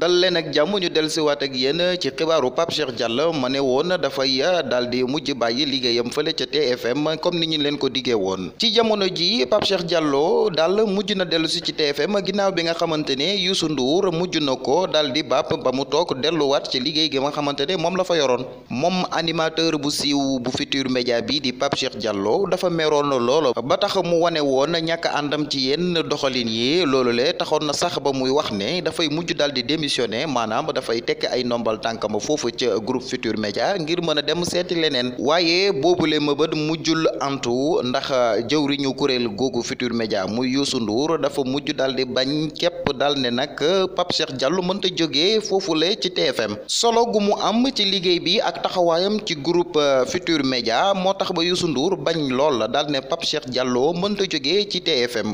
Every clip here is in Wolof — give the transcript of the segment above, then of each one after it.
dal leen ak jàmm ñu dellusiwaat ak yéen ci xibaaru Pape Cheikh ma ne woon dafay ah, daal di mujj bàyyi liggéeyam fële ca TFM comme ni ñu leen ko diggee woon ci jamono ji Pape jàlloo Diallo mujj na dellusi ci TFM ginnaaw bi nga xamante ne Youssou mujj na ko daal di bàpp ba mu toog delluwaat ci liggéey gi nga xamante ne moom la fa yoroon moom animateur bu siiw bu Futurs Médias bi di Pape jàlloo dafa meroon lool ba tax mu wane woon ñàkk àndam ci yenn doxalin yi loolu le taxoon na sax ba muy wax ne dafay mujj daal di démissionné démissionné maanaam dafay tekk ay ndombal tànkama foofu ca groupe Futur Média ngir mën a dem seeti leneen waaye boobu boobule mëbët mujjul antu ndax jëwriñu kuréel googu Futur Média muy Youssou Ndour dafa mujj daal di bañ képp daal ne nag Pape Cheikh Diallo mënta jógee foofule ci TFM solo gu mu am ci liggéey bi ak taxawaayam ci groupe Futur Média moo tax ba Youssou Ndour bañ lool daal ne Pape Cheikh Diallo ci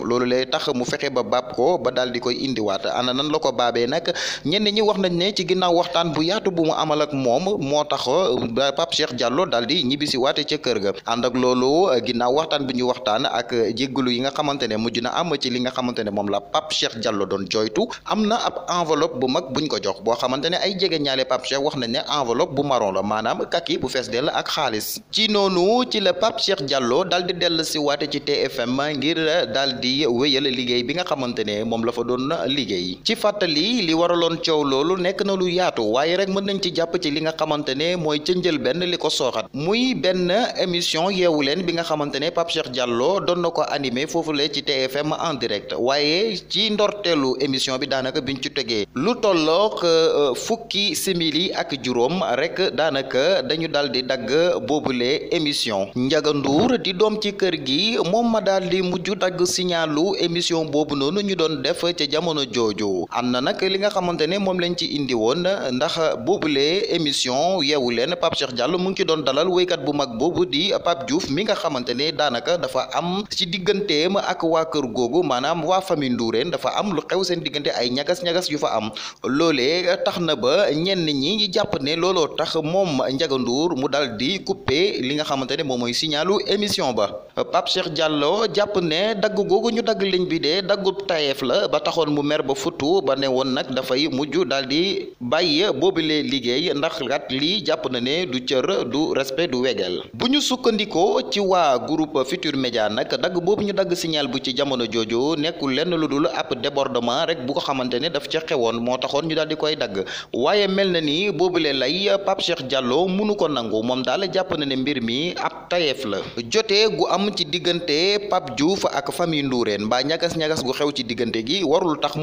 loolu lay tax mu fexe ba baab ko ba daal koy indiwaat ana nan la ko baabee nag ñenn ñi wax nañ ne ci ginnaaw waxtaan bu yaatu bu mu amal ak moom moo tax Pape Cheikh jàlloo daal di ñibbisi waate ca kër ga ànd ak loolu ginnaaw waxtaan bi ñu waxtaan ak jéggalu yi nga xamante ne mujj na am ci li nga xamante ne moom la Pape Cheikh Diallo doon jooytu am na ab enveloppe bu mag buñ ko jox boo xamante ne ay jege ñaale Pape Cheikh wax nañ ne enveloppe bu marron la maanaam kaki bu fees dell ak xaalis ci noonu ci la Pape Cheikh Diallo daal di dell si waate ci TFM ngir daal di wéyal liggéey bi nga xamante ne moom la fa doon liggéey ci fàttali li waraloon kon coow loolu nekk na lu yaatu waaye rek mën nañ ci jàpp ci li nga xamante ne mooy ca benn li ko sooxat muy benn émission yeewu leen bi nga xamante ne Pape Cheikh Diallo doon na ko foofu foofule ci TFM en direct waaye ci ndorteelu émission bi daanaka biñ ci tegee lu tollook euh, fukki simili ak juróom rek daanaka dañu daal di dagg boobule émission Ndiaga di doom ci kër gi moom ma daal di mujj dagg signalu émission boobu noonu ñu doon def ca jamono jooju ne moom lañ ci indi woon ndax boobulee émission yeewu leen Pape Cheikh Diallo mu ngi ci doon dalal woykat bu mag boobu di Pape Diouf mi nga xamante ne daanaka dafa am ci digganteem ak waa kër googu maanaam waa famille Ndourène dafa am lu xew seen diggante ay ñagas-ñagas yu fa am loolee tax na ba ñenn ñi ñi jàpp ne looloo tax moom Ndiaga mu dal di kuppee li nga xamante ne moom mooy signalu émission ba Pape Cheikh jàpp ne dagg googu ñu dagg liñ bi dee daggu tayeef la ba taxoon mu mer ba futu yi mujj daal di bàyyi boobilee liggéey ndax kat lii jàpp na ne du cër du respect du wegel bu ñu sukkandikoo ci waa groupe future Média nag dagg boobu ñu dagg signal bu ci jamono jooju nekkul lenn lu dul ab débordement rek bu ko xamante ne daf ca xewoon moo taxoon ñu daal di koy dagg waaye mel na ni boobu boobilee lay Pape Cheikh Diallo mënu ko nangu moom daal jàpp na ne mbir mi ab tayeef la jotee gu am ci diggante Pape Diouf ak famille Ndourène mbaa ñagas ñagas xew ci diggante gi warul tax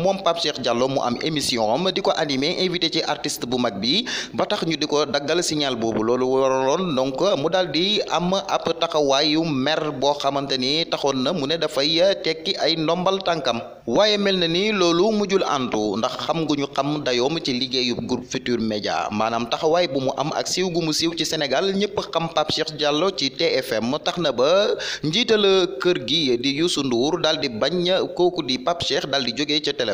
moom di ko animé invité ci artiste bu mag bi ba tax ñu di ko daggal signal boobu loolu waraloon donc mu daal di am ab taxawaayu mer boo xamante ni taxoon na mu ne dafay tekki ay ndombal tànkam waaye mel na ni loolu mujjul antu ndax xam ngu ñu xam dayoom ci liggéeyub groupe Futur Média maanaam taxawaay bu mu am ak siiw gu mu siiw ci Sénégal ñëpp xam Pape Cheikh Diallo ci TFM tax na ba njiital kër gi di Youssou Ndour daldi di bañ kooku di Pape Cheikh daal ca télé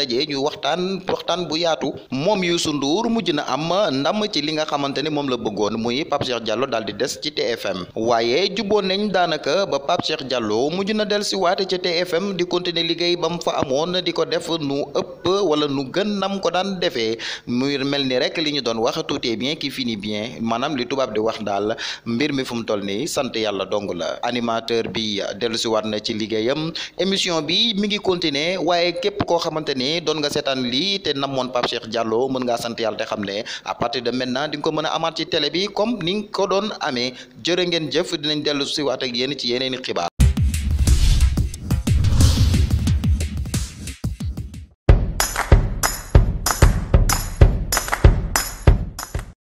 ndaje ñu waxtaan waxtaan bu yaatu moom Youssou Ndour mujj na am ndam ci li nga xamante ne moom la bëggoon muy Pape Cheikh Diallo daal di des ci TFM waaye jubboon nañ daanaka ba Pape Cheikh Diallo mujj na dellusiwaat ci TFM di continuer liggéey ba mu fa amoon di ko def nu ëpp. ëpp wala nu gën nam ko daan defee muy mel ni rek li ñu doon wax tout est bien qui finit bien maanaam li tubaab di wax daal mbir mi fu mu toll nii sant yàlla dong la animateur bi dellu dellusiwaat na ci liggéeyam émission bi mi ngi continuer waaye képp koo xamante ni doon nga seetaan lii te namoon Pape Cheikh Diallo mën nga sant yàlla te xam ne à partir de maintenant di nga ko mën a amaat ci télé bi comme ni ko doon amee jërë ngeen jëf dinañ dellusiwaat ak yéen ci yeneen i xibaar